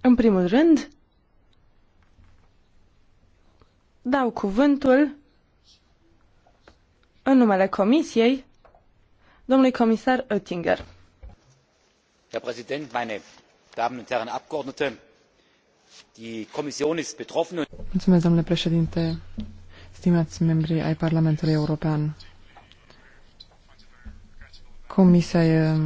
În primul rând, dau cuvântul în numele Comisiei domnului comisar Oettinger. Herr Präsident, meine Damen und Herren Abgeordnete, die Kommission ist betroffen. Mulțumesc, domnule președinte, stimați membri ai Parlamentului European. Comisia e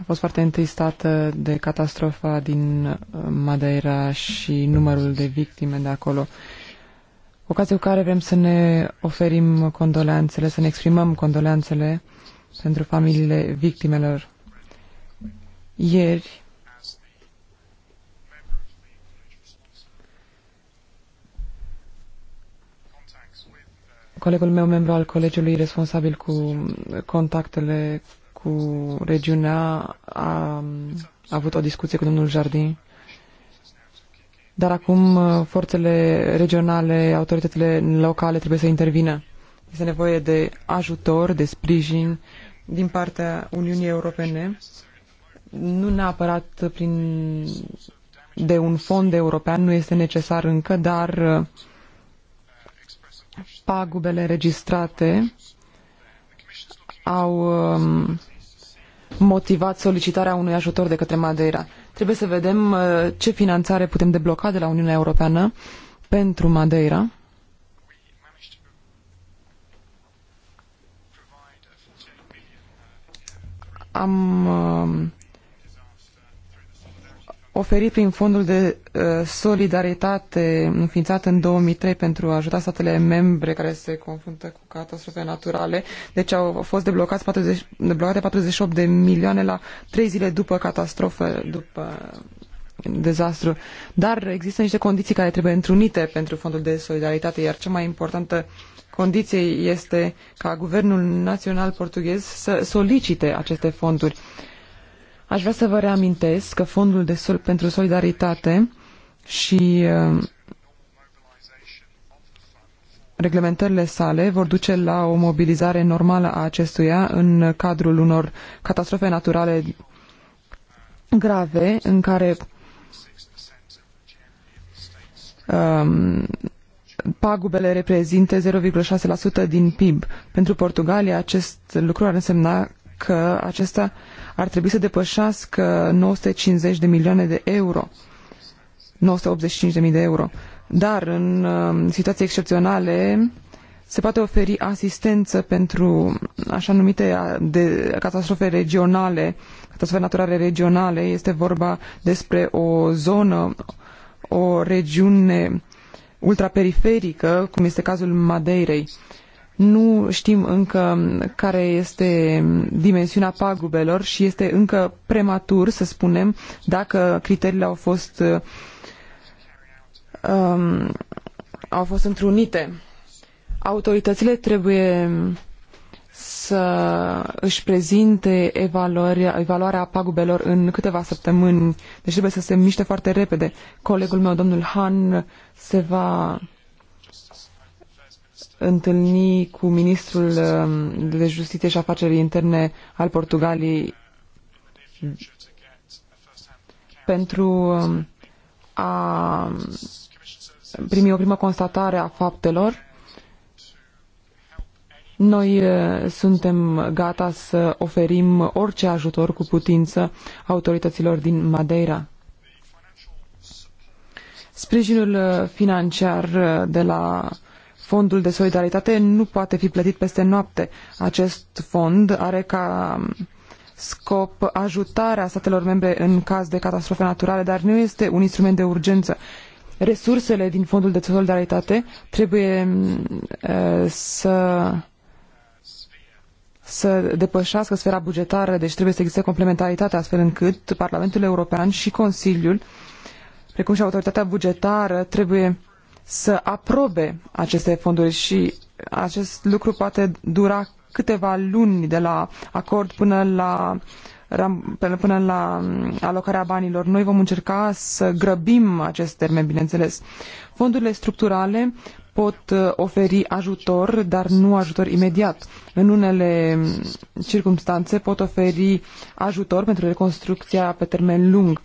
a fost foarte întristată de catastrofa din uh, Madeira și numărul de victime de acolo. Ocazia cu care vrem să ne oferim condoleanțele, să ne exprimăm condoleanțele pentru familiile victimelor. Ieri, colegul meu, membru al colegiului responsabil cu contactele cu regiunea a, a avut o discuție cu domnul Jardin. Dar acum uh, forțele regionale, autoritățile locale trebuie să intervină. Este nevoie de ajutor, de sprijin din partea Uniunii Europene, nu neapărat prin, de un fond european, nu este necesar încă, dar uh, pagubele registrate au um, motivat solicitarea unui ajutor de către Madeira. Trebuie să vedem uh, ce finanțare putem debloca de la Uniunea Europeană pentru Madeira. Am uh, oferit prin fondul de uh, solidaritate înființat în 2003 pentru a ajuta statele membre care se confruntă cu catastrofe naturale. Deci au fost deblocați 40, deblocate 48 de milioane la 3 zile după catastrofă, după dezastru. Dar există niște condiții care trebuie întrunite pentru fondul de solidaritate, iar cea mai importantă condiție este ca guvernul național portughez să solicite aceste fonduri. Uh, Aș vrea să vă reamintesc că Fondul de Sol pentru Solidaritate și uh, reglementările sale vor duce la o mobilizare normală a acestuia în cadrul unor catastrofe naturale grave în care um, pagubele reprezintă 0,6% din PIB. Pentru Portugalia acest lucru ar însemna că acesta ar trebui să depășească 950 de milioane de euro, 985 de mii de euro. Dar în um, situații excepționale se poate oferi asistență pentru așa numite de catastrofe regionale, catastrofe naturale regionale. Este vorba despre o zonă, o regiune ultraperiferică, cum este cazul Madeirei. Nu știm încă care este dimensiunea pagubelor și este încă prematur să spunem dacă criteriile au fost um, au fost întrunite. Autoritățile trebuie să își prezinte evaluarea, evaluarea pagubelor în câteva săptămâni. Deci trebuie să se miște foarte repede. Colegul meu, domnul Han, se va întâlni cu ministrul um, de justiție și afaceri interne al Portugalii pentru um, a primi o primă constatare a faptelor. Noi uh, suntem gata să oferim orice ajutor cu putință autorităților din Madeira. Sprijinul uh, financiar uh, de la fondul de solidaritate nu poate fi plătit peste noapte. Acest fond are ca scop ajutarea statelor membre în caz de catastrofe naturale, dar nu este un instrument de urgență. Resursele din fondul de solidaritate trebuie uh, să să depășească sfera bugetară, deci trebuie să existe complementaritate astfel încât Parlamentul European și Consiliul, precum și autoritatea bugetară, trebuie să aprobe aceste fonduri și acest lucru poate dura câteva luni de la acord până la până la alocarea banilor. Noi vom încerca să grăbim acest termen, bineînțeles. Fondurile structurale pot uh, oferi ajutor, dar nu ajutor imediat. În unele circunstanțe pot oferi ajutor pentru reconstrucția pe termen lung.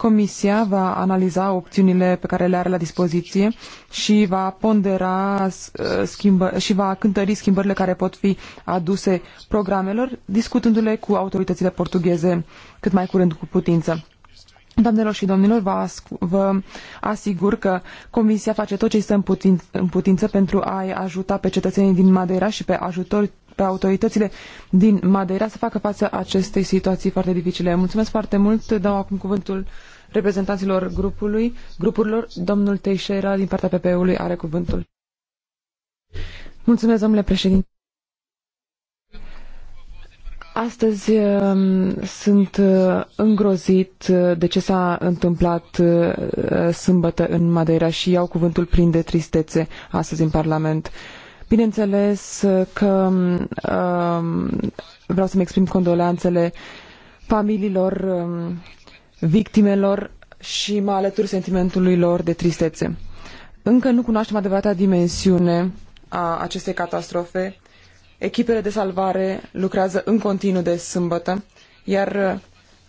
Comisia va analiza opțiunile pe care le are la dispoziție și va pondera uh, schimbă, și va cântări schimbările care pot fi aduse programelor, discutându-le cu autoritățile portugheze cât mai curând cu putință. Doamnelor și domnilor, vă, vă asigur că Comisia face tot ce este în, putin, în putință pentru a-i ajuta pe cetățenii din Madeira și pe ajutori pe autoritățile din Madeira să facă față acestei situații foarte dificile. Mulțumesc foarte mult. Dau acum cuvântul reprezentanților grupului, grupurilor. Domnul Teixeira din partea PPE-ului are cuvântul. Mulțumesc, domnule președinte. Astăzi um, sunt uh, îngrozit de ce s-a întâmplat uh, sâmbătă în Madeira și iau cuvântul plin de tristețe astăzi în Parlament. Bineînțeles că um, vreau să-mi exprim condoleanțele familiilor um, victimelor și mă alătur sentimentului lor de tristețe. Încă nu cunoaștem adevărata dimensiune a acestei catastrofe. Echipele de salvare lucrează în continuu de sâmbătă, iar uh,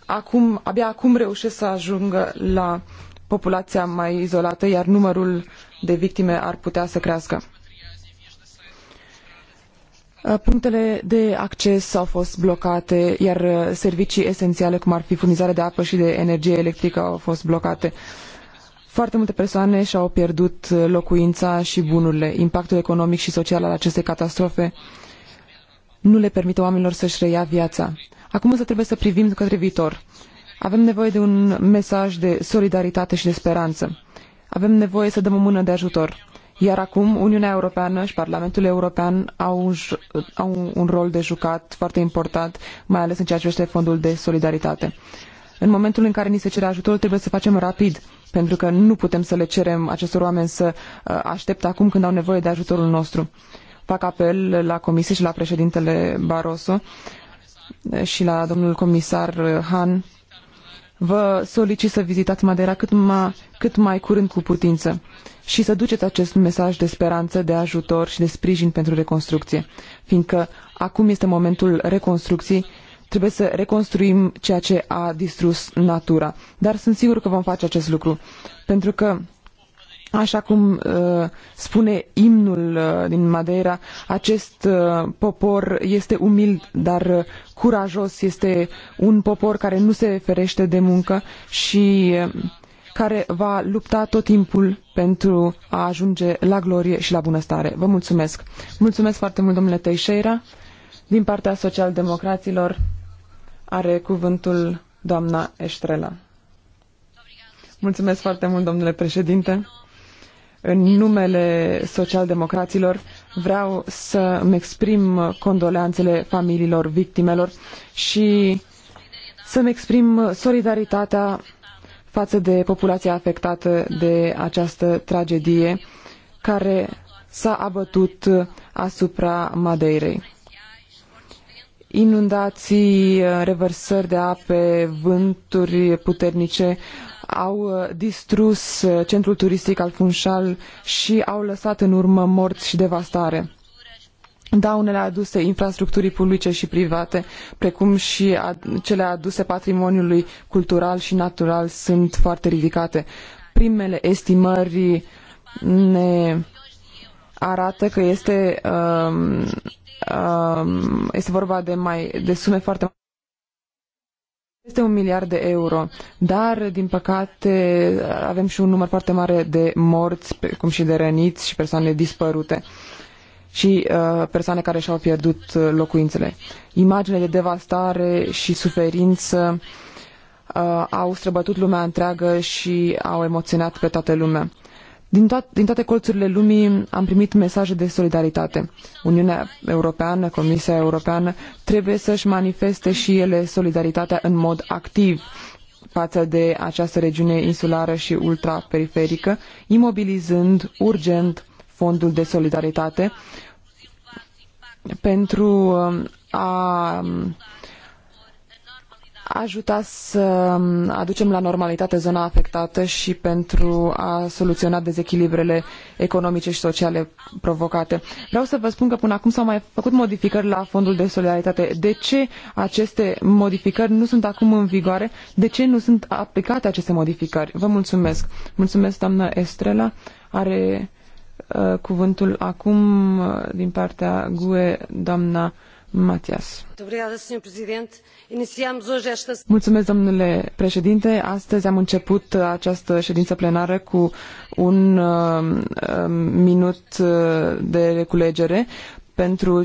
acum, abia acum reușesc să ajungă la populația mai izolată, iar numărul de victime ar putea să crească. Uh, punctele de acces au fost blocate, iar uh, servicii esențiale, cum ar fi furnizarea de apă și de energie electrică, au fost blocate. Foarte multe persoane și-au pierdut uh, locuința și bunurile. Impactul economic și social al acestei catastrofe nu le permite oamenilor să-și reia viața. Acum însă trebuie să privim către viitor. Avem nevoie de un mesaj de solidaritate și de speranță. Avem nevoie să dăm o mână de ajutor. Iar acum Uniunea Europeană și Parlamentul European au, au un rol de jucat foarte important, mai ales în ceea ce este fondul de solidaritate. În momentul în care ni se cere ajutorul, trebuie să facem rapid, pentru că nu putem să le cerem acestor oameni să uh, aștepte acum când au nevoie de ajutorul nostru. Fac apel la Comisie și la președintele Barroso uh, și la domnul comisar uh, Han. Vă solicit să vizitați Madeira cât mai, cât mai curând cu putință și să duceți acest mesaj de speranță, de ajutor și de sprijin pentru reconstrucție, fiindcă acum este momentul reconstrucției, trebuie să reconstruim ceea ce a distrus natura. Dar sunt sigur că vom face acest lucru, pentru că Așa cum uh, spune imnul uh, din Madeira, acest uh, popor este umil, dar uh, curajos, este un popor care nu se ferește de muncă și uh, care va lupta tot timpul pentru a ajunge la glorie și la bunăstare. Vă mulțumesc! Mulțumesc foarte mult, domnule Teixeira. Din partea socialdemocraților are cuvântul doamna Estrela. Mulțumesc foarte mult, domnule președinte. În numele socialdemocraților vreau să îmi exprim condoleanțele familiilor victimelor și să-mi exprim solidaritatea față de populația afectată de această tragedie care s-a abătut asupra Madeirei. Inundații, revărsări de ape, vânturi puternice au distrus centrul turistic al Funchal și au lăsat în urmă morți și devastare daunele aduse infrastructurii publice și private, precum și cele aduse patrimoniului cultural și natural sunt foarte ridicate. Primele estimări ne arată că este, um, um, este vorba de, mai, de sume foarte mari. Este un miliard de euro, dar, din păcate, avem și un număr foarte mare de morți, precum și de răniți și persoane dispărute. Uh, și uh, persoane care și-au pierdut uh, locuințele. Imagine de devastare și suferință uh, au străbătut lumea întreagă și au emoționat pe toată lumea. Din, to- din toate colțurile lumii am primit mesaje de solidaritate. Uniunea Europeană, Comisia Europeană trebuie să-și manifeste și ele solidaritatea în mod activ față de această regiune insulară și ultraperiferică, imobilizând urgent fondul de solidaritate pentru um, um, a ajuta să um, aducem la normalitate zona afectată și pentru a soluționa dezechilibrele economice și sociale provocate. Vreau să vă spun că până acum s-au mai făcut modificări la Fondul de Solidaritate. De ce aceste modificări nu sunt acum în vigoare? De ce nu sunt aplicate aceste modificări? Vă mulțumesc. Mulțumesc, doamna Estrela. Are Uh, cuvântul acum uh, din partea GUE, doamna Matias. Mulțumesc, domnule președinte. Astăzi am început uh, această ședință plenară cu un um, minut de reculegere pentru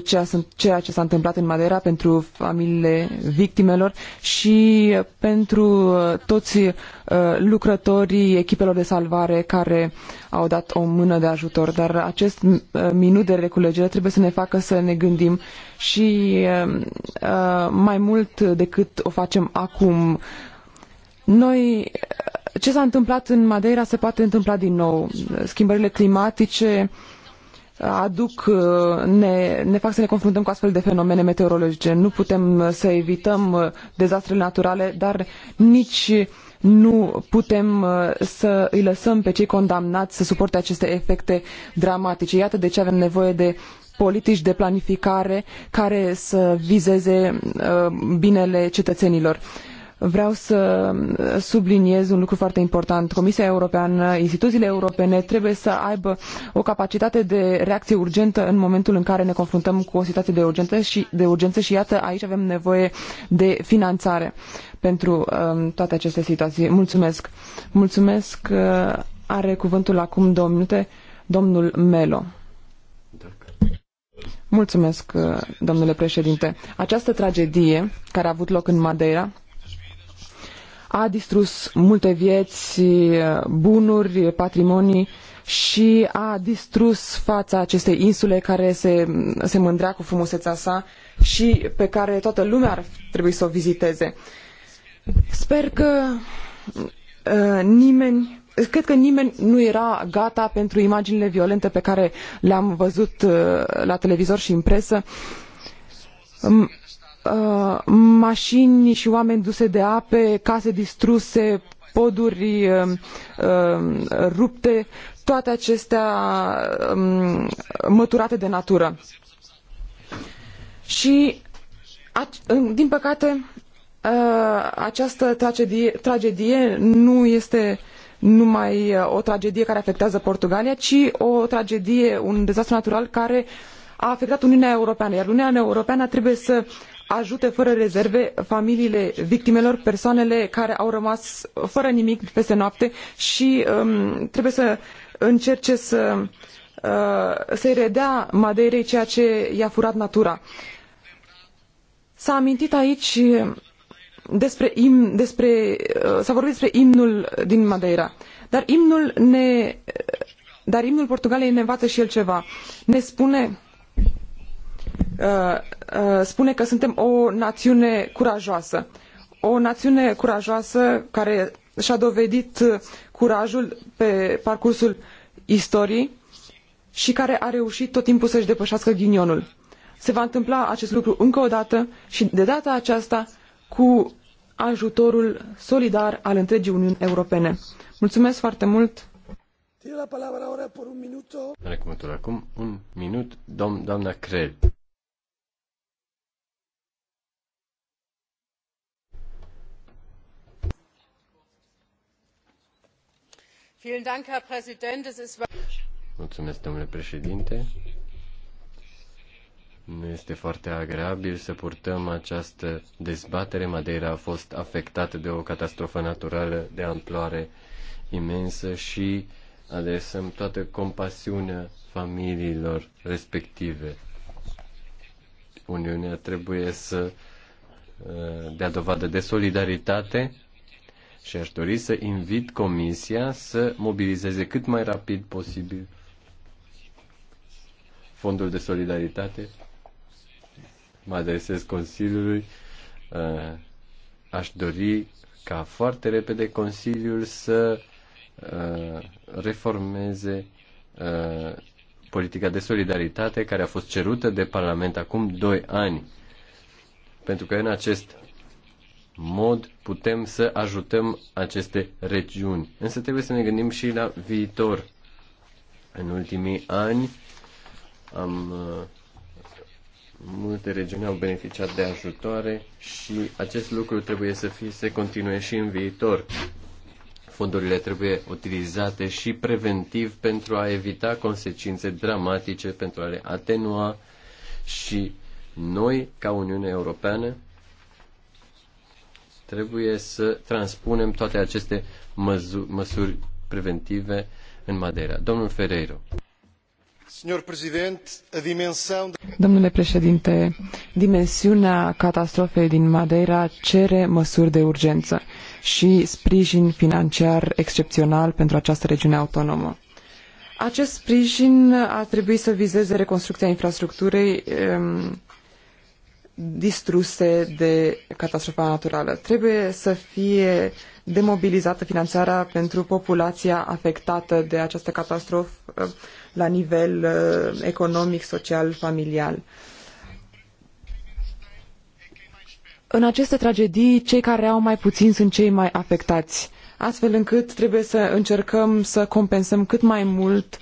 ceea ce s-a întâmplat în Madeira, pentru familiile victimelor și pentru uh, toți uh, lucrătorii echipelor de salvare care au dat o mână de ajutor. Dar acest uh, minut de reculegere trebuie să ne facă să ne gândim și mai mult decât o facem acum. Noi, ce s-a întâmplat în Madeira se poate întâmpla din nou. Schimbările climatice, aduc, uh, ne, ne fac să ne confruntăm cu astfel de fenomene meteorologice. Nu putem uh, să evităm uh, dezastrele naturale, dar nici nu putem să îi lăsăm pe cei condamnați să suporte aceste efecte dramatice. Iată de ce avem nevoie de politici de planificare care să vizeze binele cetățenilor. Uh, Vreau să subliniez un lucru foarte important. Comisia Europeană, instituțiile europene trebuie să aibă o capacitate de reacție urgentă în momentul în care ne confruntăm cu o situație de urgență și, de urgență și iată, aici avem nevoie de finanțare pentru um, toate aceste situații. Mulțumesc! Mulțumesc! Uh, are cuvântul acum două minute domnul Melo. Mulțumesc, uh, domnule președinte. Această tragedie care a avut loc în Madeira a distrus multe vieți, bunuri, patrimonii și a distrus fața acestei insule care se, se mândrea cu frumusețea sa și pe care toată lumea ar trebui să o viziteze. Sper că uh, nimeni cred că nimeni nu era gata pentru imaginile violente pe care le-am văzut uh, la televizor și în presă. Mm, Uh, mașini și oameni duse de ape, case distruse, poduri uh, uh, rupte, toate acestea um, măturate de natură. Și, din păcate, această tragedie, tragedie nu este numai o tragedie care afectează Portugalia, ci o tragedie, un dezastru natural care a afectat Uniunea Europeană, iar Uniunea Europeană trebuie să ajute fără rezerve familiile victimelor, persoanele care au rămas fără nimic peste noapte și um, trebuie să încerce să uh, să-i redea Madeirei ceea ce i-a furat natura. S-a amintit aici despre, despre uh, s-a vorbit despre imnul din Madeira, dar imnul ne dar imnul ne învață și el ceva. Ne spune Uh, uh, spune că suntem o națiune curajoasă. O națiune curajoasă care și-a dovedit curajul pe parcursul istoriei și care a reușit tot timpul să-și depășească ghinionul. Se va întâmpla acest lucru încă o dată și de data aceasta cu ajutorul solidar al întregii Uniuni Europene. Mulțumesc foarte mult! la palabra ahora por un minuto. Are cuvântul acum un minut, dom doamna Crel. domnule președinte. Nu este foarte agreabil să purtăm această dezbatere. Madeira a fost afectată de o catastrofă naturală de amploare imensă și adresăm toată compasiunea familiilor respective. Uniunea trebuie să uh, dea dovadă de solidaritate și aș dori să invit Comisia să mobilizeze cât mai rapid posibil Fondul de Solidaritate. Mă adresez Consiliului. Uh, aș dori ca foarte repede Consiliul să uh, reformeze uh, politica de solidaritate care a fost cerută de Parlament acum 2 ani. Pentru că în acest mod putem să ajutăm aceste regiuni. Însă trebuie să ne gândim și la viitor. În ultimii ani am uh, multe regiuni au beneficiat de ajutoare și acest lucru trebuie să fie să continue și în viitor. Fondurile trebuie utilizate și preventiv pentru a evita consecințe dramatice, pentru a le atenua și noi, ca Uniunea Europeană, Trebuie să transpunem toate aceste măsuri preventive în Madeira. Domnul Ferreiro. Domnule președinte, dimensiunea catastrofei din Madeira cere măsuri de urgență și sprijin financiar excepțional pentru această regiune autonomă. Acest sprijin ar trebui să vizeze reconstrucția infrastructurii um, distruse de catastrofa naturală. Trebuie să fie demobilizată finanțarea pentru populația afectată de această catastrofă la nivel uh, economic, social, familial. În aceste tragedii, cei care au mai puțin sunt cei mai afectați, astfel încât trebuie să încercăm să compensăm cât mai mult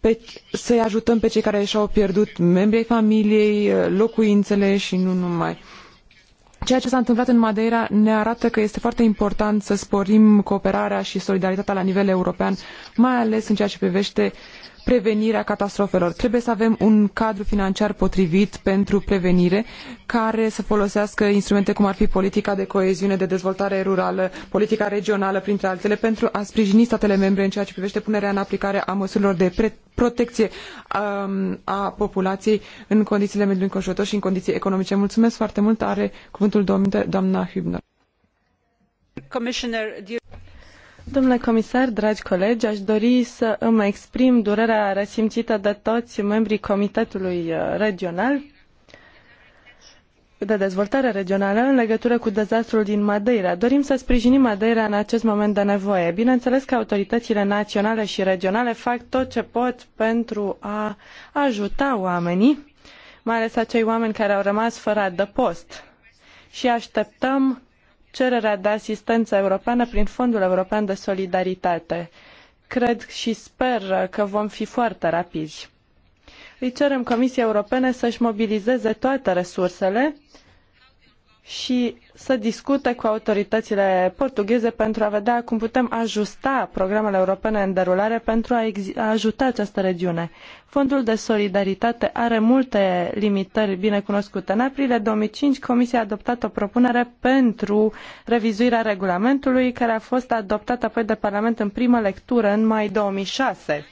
pe, să-i ajutăm pe cei care și-au pierdut membrii familiei, locuințele și nu numai. Ceea ce s-a întâmplat în Madeira ne arată că este foarte important să sporim cooperarea și solidaritatea la nivel european, mai ales în ceea ce privește uh, prevenirea catastrofelor. Trebuie să avem un cadru financiar potrivit pentru prevenire care să folosească instrumente cum ar fi politica de coeziune, de dezvoltare rurală, politica regională, printre altele, pentru a sprijini statele membre în ceea ce privește punerea în aplicare a măsurilor de pre- protecție um, a populației în condițiile mediului înconjurător și în condiții economice. Mulțumesc foarte mult. Are cuvântul doamna Hübner. Domnule comisar, dragi colegi, aș dori să îmi exprim durerea resimțită de toți membrii Comitetului uh, Regional de dezvoltare regională în legătură cu dezastrul din Madeira. Dorim să sprijinim Madeira în acest moment de nevoie. Bineînțeles că autoritățile naționale și regionale fac tot ce pot pentru a ajuta oamenii, mai ales acei oameni care au rămas fără adăpost. Și așteptăm cererea de asistență europeană prin Fondul European de Solidaritate. Cred și sper că vom fi foarte rapizi. Îi cerem Comisiei Europene să-și mobilizeze toate resursele și să discute cu autoritățile portugheze pentru a vedea cum putem ajusta programele europene în derulare pentru a, ajuta această regiune. Fondul de solidaritate are multe limitări bine cunoscute. În aprilie 2005, Comisia a adoptat o propunere pentru revizuirea regulamentului, care a fost adoptată apoi de Parlament în primă lectură în mai 2006.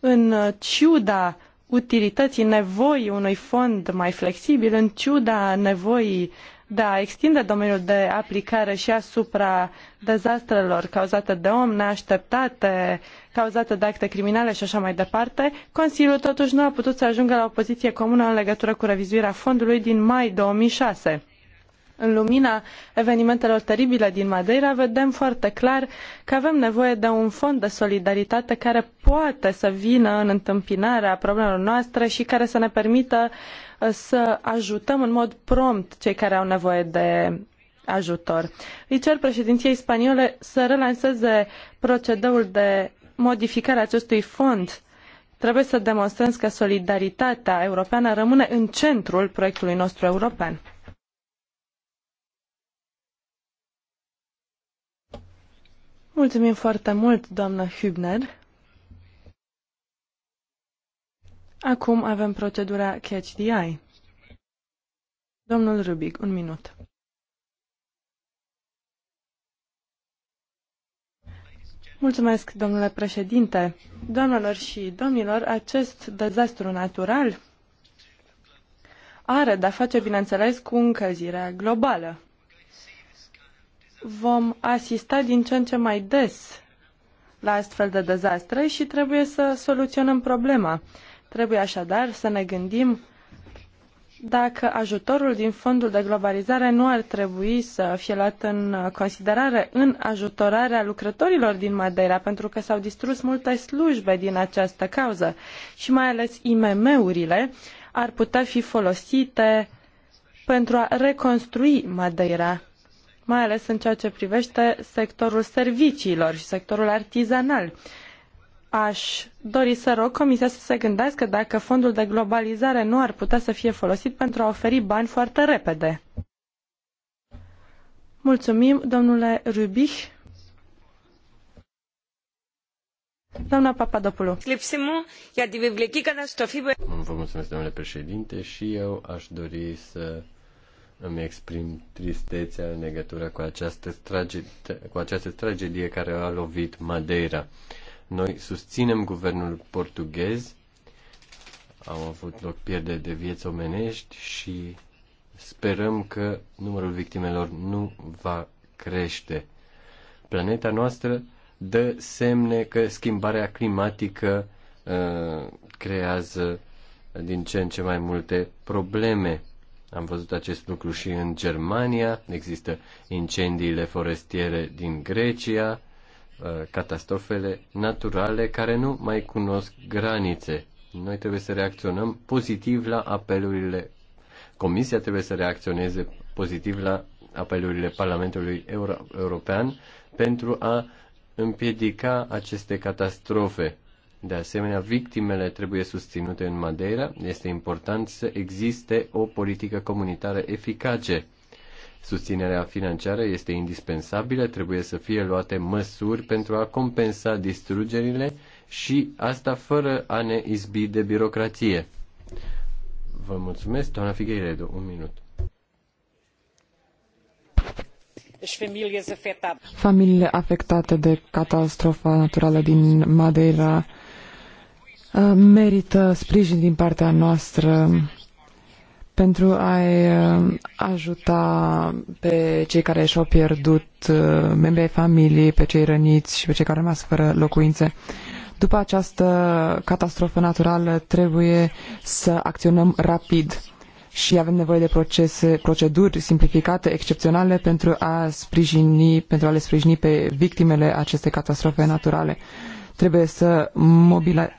În ciuda utilității nevoii unui fond mai flexibil, în ciuda nevoii de a extinde domeniul de aplicare și asupra dezastrelor cauzate de om, neașteptate, cauzate de acte criminale și așa mai departe, Consiliul totuși nu a putut să ajungă la o poziție comună în legătură cu revizuirea fondului din mai 2006. În lumina evenimentelor teribile din Madeira, vedem foarte clar că avem nevoie de un fond de solidaritate care poate să vină în întâmpinarea problemelor noastre și care să ne permită uh, să ajutăm în mod prompt cei care au nevoie de ajutor. Îi cer președinției spaniole să relanseze procedeul de modificare a acestui fond. Trebuie să demonstrăm că solidaritatea europeană rămâne în centrul proiectului nostru european. Mulțumim foarte mult, doamnă Hübner. Acum avem procedura Catch the Eye. Domnul Rubic, un minut. Mulțumesc, domnule președinte. Doamnelor și domnilor, acest dezastru natural are de-a face, bineînțeles, cu încălzirea globală. Vom asista din ce în ce mai des la astfel de dezastre și trebuie să soluționăm problema. Trebuie așadar să ne gândim dacă ajutorul din fondul de globalizare nu ar trebui să fie luat în considerare în ajutorarea lucrătorilor din Madeira, pentru că s-au distrus multe slujbe din această cauză și mai ales IMM-urile ar putea fi folosite pentru a reconstrui Madeira, mai ales în ceea ce privește sectorul serviciilor și sectorul artizanal aș dori să rog Comisia să se gândească dacă fondul de globalizare nu ar putea să fie folosit pentru a oferi bani foarte repede. Mulțumim, domnule Rubich. Doamna Papadopoulou. Vă mulțumesc, domnule președinte, și eu aș dori să îmi exprim tristețea în legătură cu această, trage- cu această tragedie care a lovit Madeira. Noi susținem guvernul portughez. Au avut loc pierderi de vieți omenești și sperăm că numărul victimelor nu va crește. Planeta noastră dă semne că schimbarea climatică uh, creează din ce în ce mai multe probleme. Am văzut acest lucru și în Germania, există incendiile forestiere din Grecia, Uh, catastrofele naturale care nu mai cunosc granițe. Noi trebuie să reacționăm pozitiv la apelurile. Comisia trebuie să reacționeze pozitiv la apelurile Parlamentului Euro- European pentru a împiedica aceste catastrofe. De asemenea, victimele trebuie susținute în Madeira. Este important să existe o politică comunitară eficace Susținerea financiară este indispensabilă, trebuie să fie luate măsuri pentru a compensa distrugerile și asta fără a ne izbi de birocrație. Vă mulțumesc, doamna Figueiredo, un minut. Deci Familiile afectate de catastrofa naturală din Madeira uh, merită sprijin din partea noastră pentru a-i uh, ajuta pe cei care și-au pierdut uh, membrii ai familiei, pe cei răniți și pe cei care au rămas fără locuințe. După această catastrofă naturală trebuie să acționăm rapid și avem nevoie de procese, proceduri simplificate, excepționale pentru a, sprijini, pentru a le sprijini pe victimele acestei catastrofe naturale trebuie să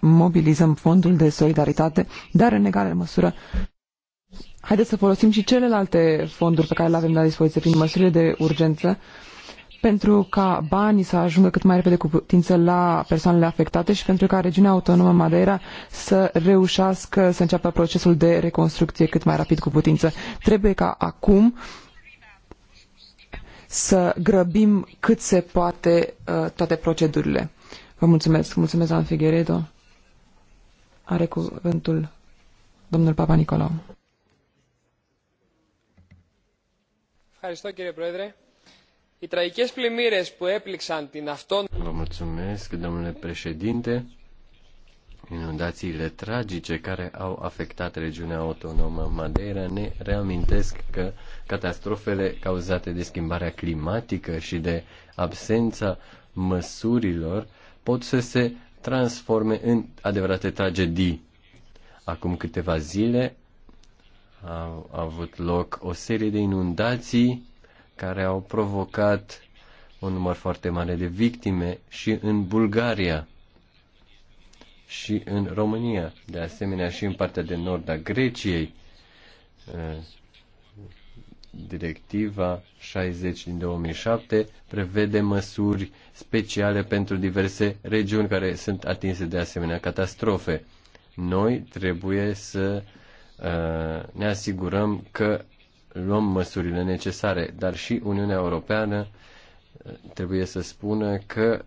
mobilizăm fondul de solidaritate, dar în egală măsură haideți să folosim și celelalte fonduri pe care le avem la dispoziție prin măsurile de urgență pentru ca banii să ajungă cât mai repede cu putință la persoanele afectate și pentru ca regiunea autonomă Madeira să reușească să înceapă procesul de reconstrucție cât mai rapid cu putință. Trebuie ca acum să grăbim cât se poate uh, toate procedurile. Vă mulțumesc. Mulțumesc, doamna Figueredo. Are cuvântul domnul Papa Nicolau. Vă mulțumesc, domnule președinte. Inundațiile tragice care au afectat regiunea autonomă Madeira ne reamintesc că catastrofele cauzate de schimbarea climatică și de absența măsurilor pot să se transforme în adevărate tragedii. Acum câteva zile au avut loc o serie de inundații care au provocat un număr foarte mare de victime și în Bulgaria și în România, de asemenea și în partea de nord a Greciei. Directiva 60 din 2007 prevede măsuri speciale pentru diverse regiuni care sunt atinse de asemenea catastrofe. Noi trebuie să uh, Uh, ne asigurăm că luăm măsurile necesare, dar și Uniunea Europeană uh, trebuie să spună că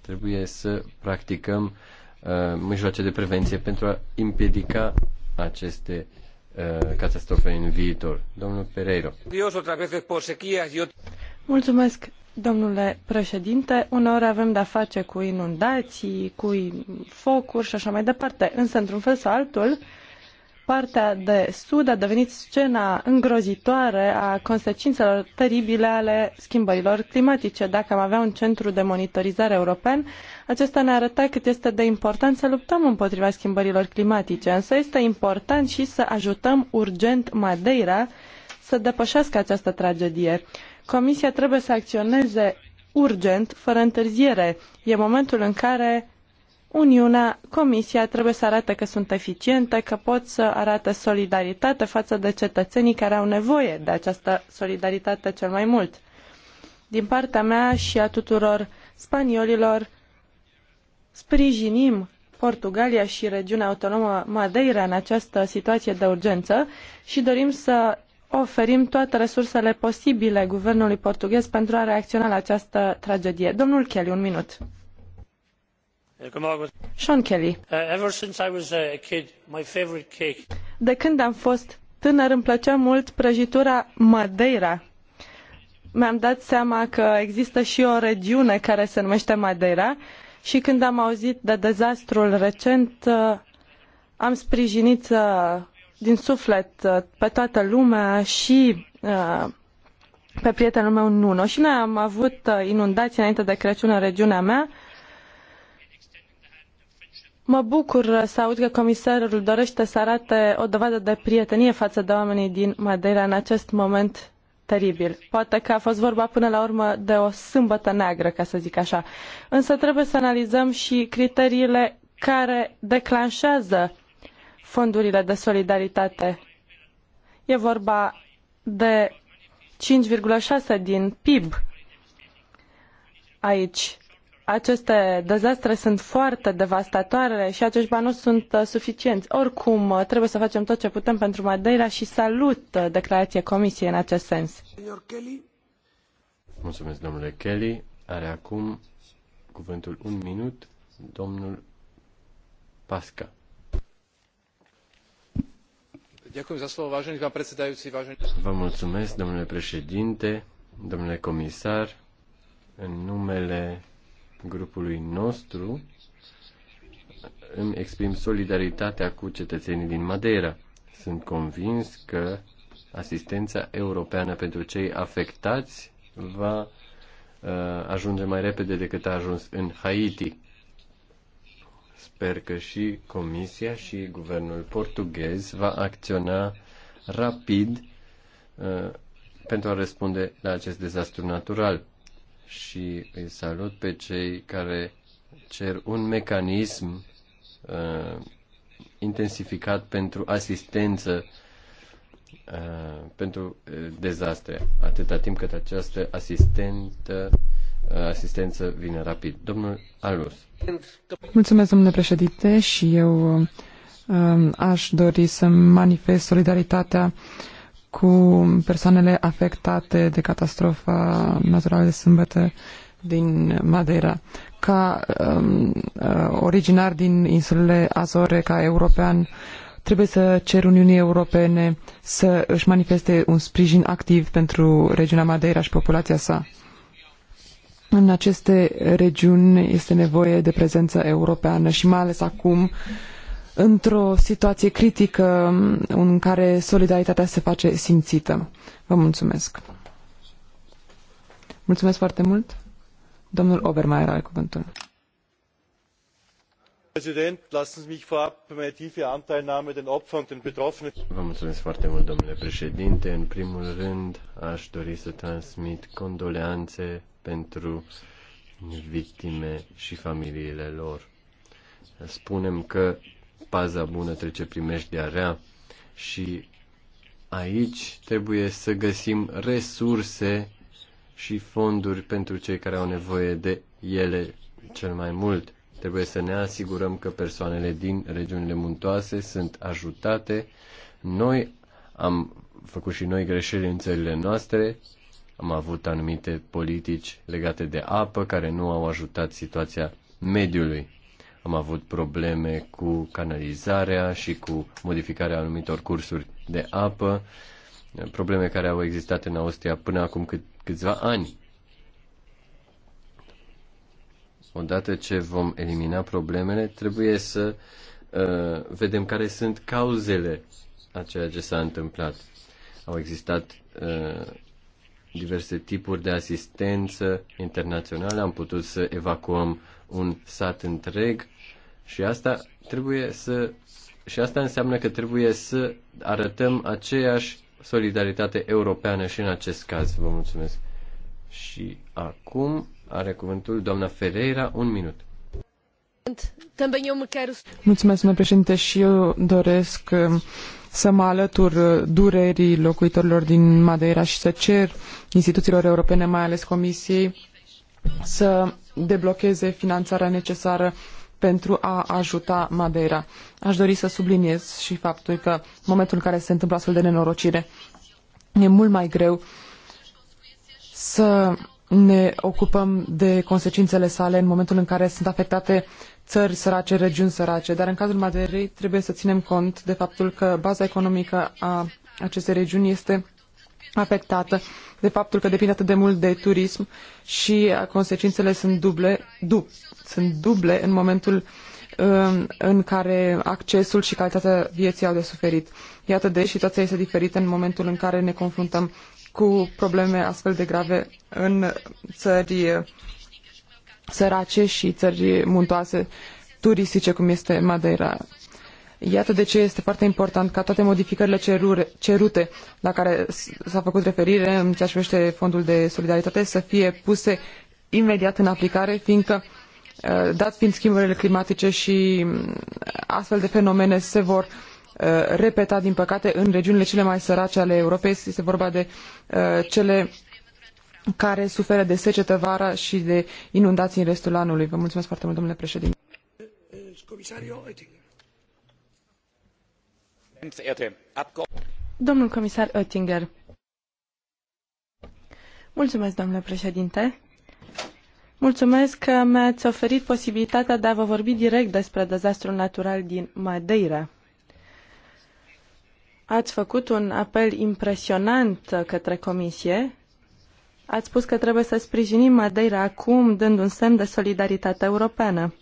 trebuie să practicăm uh, mijloace de prevenție pentru a împiedica aceste catastrofe în viitor. Domnul Pereiro. Mulțumesc. Domnule președinte, uneori avem de-a face cu inundații, cu focuri și așa mai departe, însă într-un fel sau altul, partea de sud a devenit scena îngrozitoare a consecințelor teribile ale schimbărilor climatice. Dacă am avea un centru de monitorizare european, acesta ne arăta cât este de important să luptăm împotriva schimbărilor climatice, însă este important și să ajutăm urgent Madeira să depășească această tragedie. Comisia trebuie să acționeze urgent, fără întârziere. E momentul în care Uniunea, Comisia trebuie să arate că sunt eficiente, că pot să arate solidaritate față de cetățenii care au nevoie de această solidaritate cel mai mult. Din partea mea și a tuturor spaniolilor, sprijinim Portugalia și regiunea autonomă Madeira în această situație de urgență și dorim să oferim toate resursele posibile guvernului portughez pentru a reacționa la această tragedie. Kelly, un minut. Sean Kelly. Uh, de când am fost tânăr îmi plăcea mult prăjitura Madeira. Mi-am dat seama că există și o regiune care se numește Madeira și când am auzit de dezastrul recent uh, am sprijinit uh, din suflet uh, pe toată lumea și uh, pe prietenul meu Nuno. Și noi am avut uh, inundații înainte de Crăciun în regiunea mea. Mă bucur să aud că comisarul dorește să arate o dovadă de prietenie față de oamenii din Madeira în acest moment teribil. Poate că a fost vorba până la urmă de o sâmbătă neagră, ca să zic așa. Însă trebuie să analizăm și criteriile care declanșează fondurile de solidaritate. E vorba de 5,6 din PIB aici. Aceste dezastre sunt foarte devastatoare și acești bani nu sunt uh, suficienți. Oricum, uh, trebuie să facem tot ce putem pentru Madeira și salut uh, declarația Comisiei în acest sens. Mulțumesc, domnule Kelly. Are acum cuvântul un minut domnul Pasca. Vă mulțumesc, domnule președinte, domnule comisar, în numele grupului nostru îmi exprim solidaritatea cu cetățenii din Madeira. Sunt convins că asistența europeană pentru cei afectați va uh, ajunge mai repede decât a ajuns în Haiti. Sper că și Comisia și guvernul portughez va acționa rapid uh, pentru a răspunde la acest dezastru natural. Și îi salut pe cei care cer un mecanism uh, intensificat pentru asistență uh, pentru uh, dezastre, atâta timp cât această asistentă asistență vine rapid. Domnul Alus. Mulțumesc, domnule președinte, și eu um, aș dori să manifest solidaritatea cu persoanele afectate de catastrofa naturală de sâmbătă din Madeira. Ca um, uh, originar din insulele Azore, ca european, trebuie să cer Uniunii Europene să își manifeste un sprijin activ pentru regiunea Madeira și populația sa. În aceste regiuni este nevoie de prezență europeană și mai ales acum, într-o situație critică în care solidaritatea se face simțită. Vă mulțumesc. Mulțumesc foarte mult. Domnul Obermeier are cuvântul. Vă mulțumesc foarte mult, domnule președinte. În primul rând, aș dori să transmit condoleanțe pentru victime și familiile lor. Spunem că paza bună trece de rea și aici trebuie să găsim resurse și fonduri pentru cei care au nevoie de ele cel mai mult. Trebuie să ne asigurăm că persoanele din regiunile muntoase sunt ajutate. Noi am făcut și noi greșeli în țările noastre, am avut anumite politici legate de apă care nu au ajutat situația mediului. Am avut probleme cu canalizarea și cu modificarea anumitor cursuri de apă, probleme care au existat în Austria până acum cât, câțiva ani. Odată ce vom elimina problemele, trebuie să uh, vedem care sunt cauzele a ceea ce s-a întâmplat. Au existat uh, diverse tipuri de asistență internațională, am putut să evacuăm un sat întreg și asta trebuie să și asta înseamnă că trebuie să arătăm aceeași solidaritate europeană și în acest caz. Vă mulțumesc. Și acum are cuvântul doamna Ferreira, un minut. Mulțumesc, domnule președinte, și eu doresc um, să mă alătur durerii locuitorilor din Madeira și să cer instituțiilor europene, mai ales Comisiei, să deblocheze finanțarea necesară pentru a ajuta Madeira. Aș dori să subliniez și faptul că în momentul în care se întâmplă astfel de nenorocire, e mult mai greu să ne ocupăm de consecințele sale în momentul în care sunt afectate țări sărace, regiuni sărace, dar în cazul Madeirei trebuie să ținem cont de faptul că baza economică a acestei regiuni este afectată de faptul că depinde atât de mult de turism și consecințele sunt duble, du, sunt duble în momentul în, um, în care accesul și calitatea vieții au de suferit. Iată de situația este diferită în momentul în care ne confruntăm cu probleme astfel de grave în țări sărace și țări muntoase turistice, cum este Madeira. Iată de ce este foarte important ca toate modificările cerure, cerute la care s-a făcut referire în ceea ce privește fondul de solidaritate să fie puse imediat în aplicare, fiindcă uh, dat fiind schimbările climatice și mm, astfel de fenomene se vor uh, repeta, din păcate, în regiunile cele mai sărace ale Europei. Este vorba de uh, cele care suferă de secetă vara și de inundații în restul anului. Vă mulțumesc foarte mult, domnule președinte. Domnul comisar Oettinger. Mulțumesc, domnule președinte. Mulțumesc că mi-ați oferit posibilitatea de a vă vorbi direct despre dezastrul natural din Madeira. Ați făcut un apel impresionant către comisie Ați spus că trebuie să sprijinim Madeira acum, dând un semn de solidaritate europeană.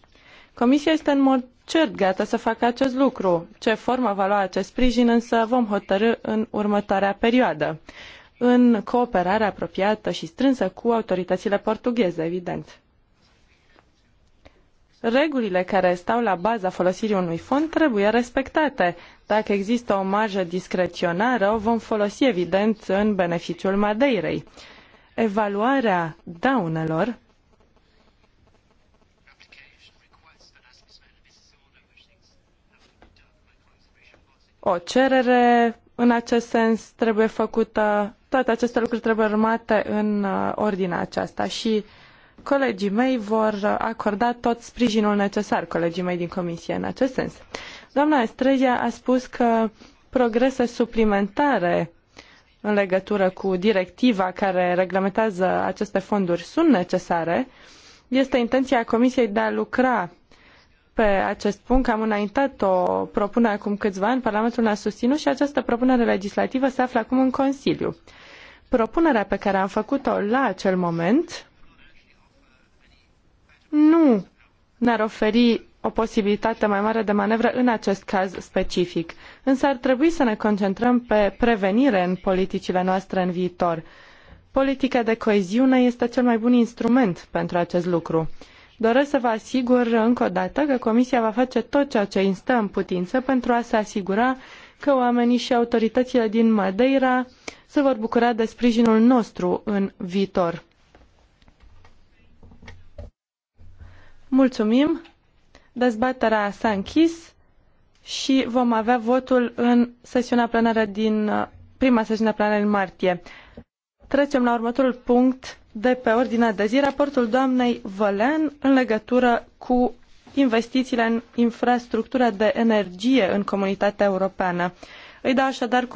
Comisia este în mod cert gata să facă acest lucru. Ce formă va lua acest sprijin însă vom hotărâ în următoarea perioadă, în cooperare apropiată și strânsă cu autoritățile portugheze, evident. Regulile care stau la baza folosirii unui fond trebuie respectate. Dacă există o marjă discreționară, o vom folosi evident în beneficiul Madeirei evaluarea daunelor o cerere în acest sens trebuie făcută, toate aceste lucruri trebuie urmate în uh, ordinea aceasta și colegii mei vor acorda tot sprijinul necesar, colegii mei din comisie, în acest sens. Doamna Estrella a spus că progrese suplimentare în legătură cu directiva care reglementează aceste fonduri sunt necesare, este intenția Comisiei de a lucra pe acest punct. Am înaintat o propunere acum câțiva ani, Parlamentul ne-a susținut și această propunere legislativă se află acum în Consiliu. Propunerea pe care am făcut-o la acel moment nu ne-ar oferi o posibilitate mai mare de manevră în acest caz specific. Însă ar trebui să ne concentrăm pe prevenire în politicile noastre în viitor. Politica de coeziune este cel mai bun instrument pentru acest lucru. Doresc să vă asigur încă o dată că Comisia va face tot ceea ce îi stă în putință pentru a se asigura că oamenii și autoritățile din Madeira se vor bucura de sprijinul nostru în viitor. Mulțumim! Dezbaterea s-a închis și vom avea votul în sesiunea plenară din prima sesiune plenară în martie. Trecem la următorul punct de pe ordinea de zi, raportul doamnei Vălean în legătură cu investițiile în infrastructura de energie în comunitatea europeană. Îi dau așadar cu